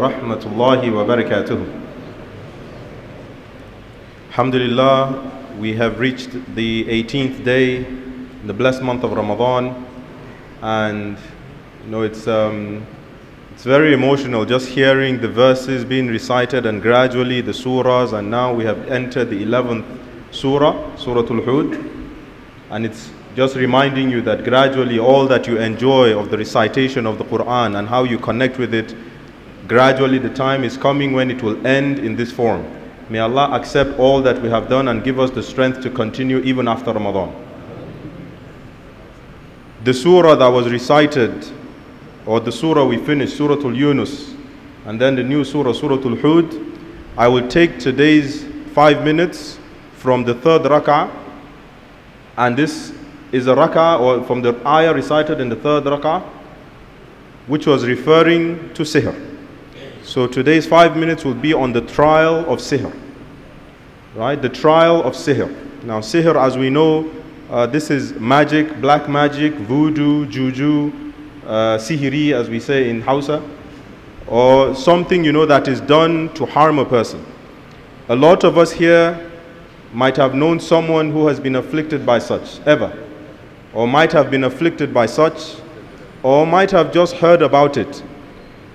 ورحمة الله وبركاته Alhamdulillah, we have reached the 18th day in the blessed month of Ramadan and you know it's um, it's very emotional just hearing the verses being recited and gradually the surahs and now we have entered the 11th surah, Surah Al-Hud and it's just reminding you that gradually all that you enjoy of the recitation of the Quran and how you connect with it Gradually, the time is coming when it will end in this form. May Allah accept all that we have done and give us the strength to continue even after Ramadan. The surah that was recited, or the surah we finished, Surah Al Yunus, and then the new surah, Surah Al Hud, I will take today's five minutes from the third rak'ah, and this is a rak'ah, or from the ayah recited in the third rak'ah, which was referring to sihr. So today's five minutes will be on the trial of sihr. Right? The trial of sihr. Now, sihr, as we know, uh, this is magic, black magic, voodoo, juju, uh, sihiri, as we say in Hausa, or something you know that is done to harm a person. A lot of us here might have known someone who has been afflicted by such, ever, or might have been afflicted by such, or might have just heard about it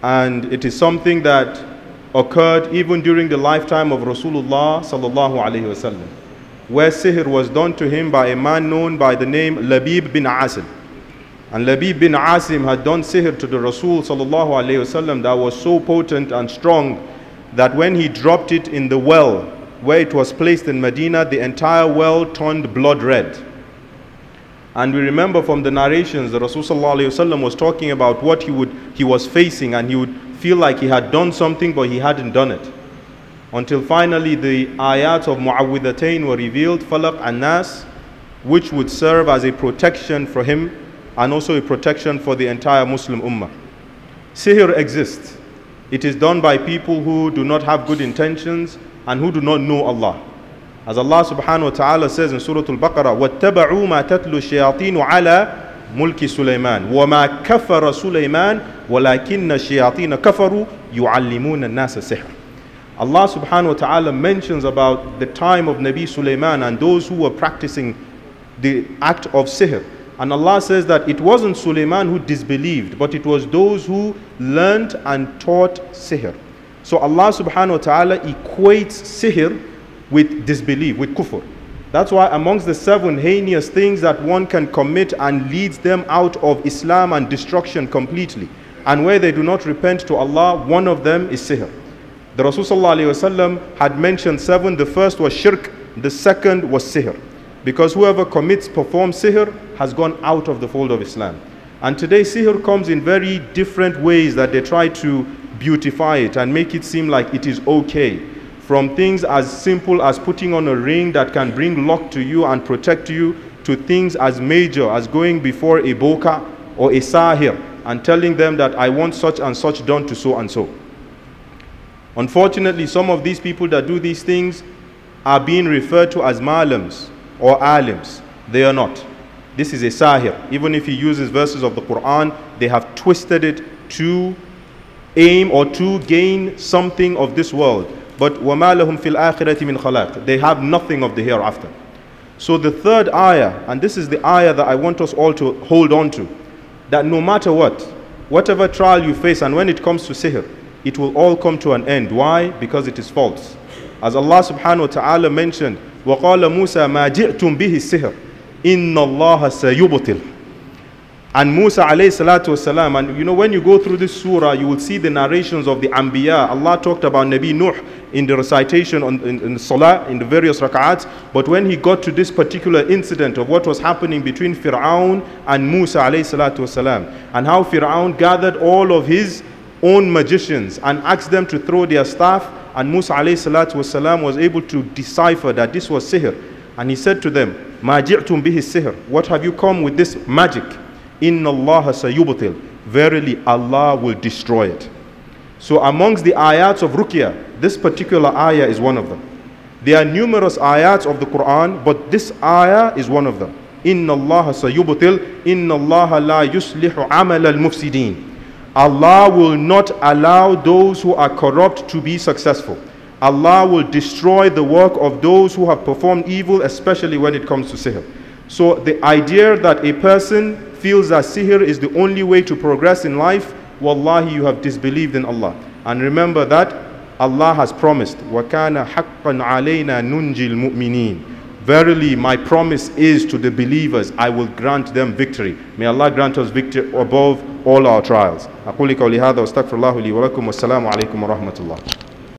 and it is something that occurred even during the lifetime of Rasulullah sallallahu alaihi wasallam, where sihr was done to him by a man known by the name Labib bin Asim. And Labib bin Asim had done sihr to the Rasul sallallahu alaihi wasallam that was so potent and strong that when he dropped it in the well where it was placed in Medina, the entire well turned blood red. And we remember from the narrations that Rasul was talking about what he would he was facing and he would feel like he had done something but he hadn't done it. Until finally the ayat of Muawwidhatayn were revealed, Falaq and Nas, which would serve as a protection for him and also a protection for the entire Muslim Ummah. Sihr exists. It is done by people who do not have good intentions and who do not know Allah. As Allah subhanahu wa ta'ala says in Surah Al-Baqarah, وَاتَّبَعُوا مَا تَتْلُو الشَّيَاطِينُ عَلَى mulki سُلَيْمَانِ وَمَا كَفَرَ سُلَيْمَانَ وَلَكِنَّ الشَّيَاطِينَ كَفَرُوا يُعَلِّمُونَ النَّاسَ السِّحْرَ Allah subhanahu wa ta'ala mentions about the time of Nabi Sulaiman and those who were practicing the act of sihr. And Allah says that it wasn't Sulaiman who disbelieved, but it was those who learnt and taught sihr. So Allah subhanahu wa ta'ala equates sihr with disbelief, with kufr. That's why amongst the seven heinous things that one can commit and leads them out of Islam and destruction completely, and where they do not repent to Allah, one of them is sihr. The Rasulullah had mentioned seven. The first was shirk, the second was sihr. Because whoever commits, performs sihr, has gone out of the fold of Islam. And today sihr comes in very different ways that they try to beautify it and make it seem like it is okay from things as simple as putting on a ring that can bring luck to you and protect you, to things as major as going before a boka or a sahir and telling them that I want such and such done to so and so. Unfortunately, some of these people that do these things are being referred to as malams or alims. They are not. This is a sahir. Even if he uses verses of the Quran, they have twisted it to aim or to gain something of this world. But وَمَا فِي الْآخِرَةِ مِنْ خَلَاقٍ They have nothing of the hereafter. So the third ayah, and this is the ayah that I want us all to hold on to, that no matter what, whatever trial you face, and when it comes to sihr, it will all come to an end. Why? Because it is false. As Allah subhanahu wa ta'ala mentioned, وَقَالَ مُوسَى مَا جِئْتُمْ بِهِ السِّحْرِ إِنَّ اللَّهَ سَيُبْطِلُ and Musa alayhi salatu wasalam, and you know, when you go through this surah, you will see the narrations of the Anbiya. Allah talked about Nabi Nuh in the recitation on, in, in Salah, in the various rak'ats. But when he got to this particular incident of what was happening between Fir'aun and Musa alayhi salatu wasalam, and how Fir'aun gathered all of his own magicians and asked them to throw their staff, and Musa alayhi salatu wasalam was able to decipher that this was sihr. And he said to them, Ma bihi sihr, what have you come with this magic? Inna Allah sayubatil. Verily Allah will destroy it. So amongst the ayats of Rukia, this particular ayah is one of them. There are numerous ayats of the Quran, but this ayah is one of them. Inna Allah sayubatil. Inna Allah la yuslihu amal al-mufsidin. Allah will not allow those who are corrupt to be successful. Allah will destroy the work of those who have performed evil, especially when it comes to sihr. So the idea that a person feels that sihr is the only way to progress in life, wallahi, you have disbelieved in Allah. And remember that Allah has promised, وَكَانَ حَقًّا عَلَيْنَا نُنْجِي الْمُؤْمِنِينَ Verily, my promise is to the believers, I will grant them victory. May Allah grant us victory above all our trials. أقول قولي واستغفر الله لي ولكم والسلام عليكم ورحمة الله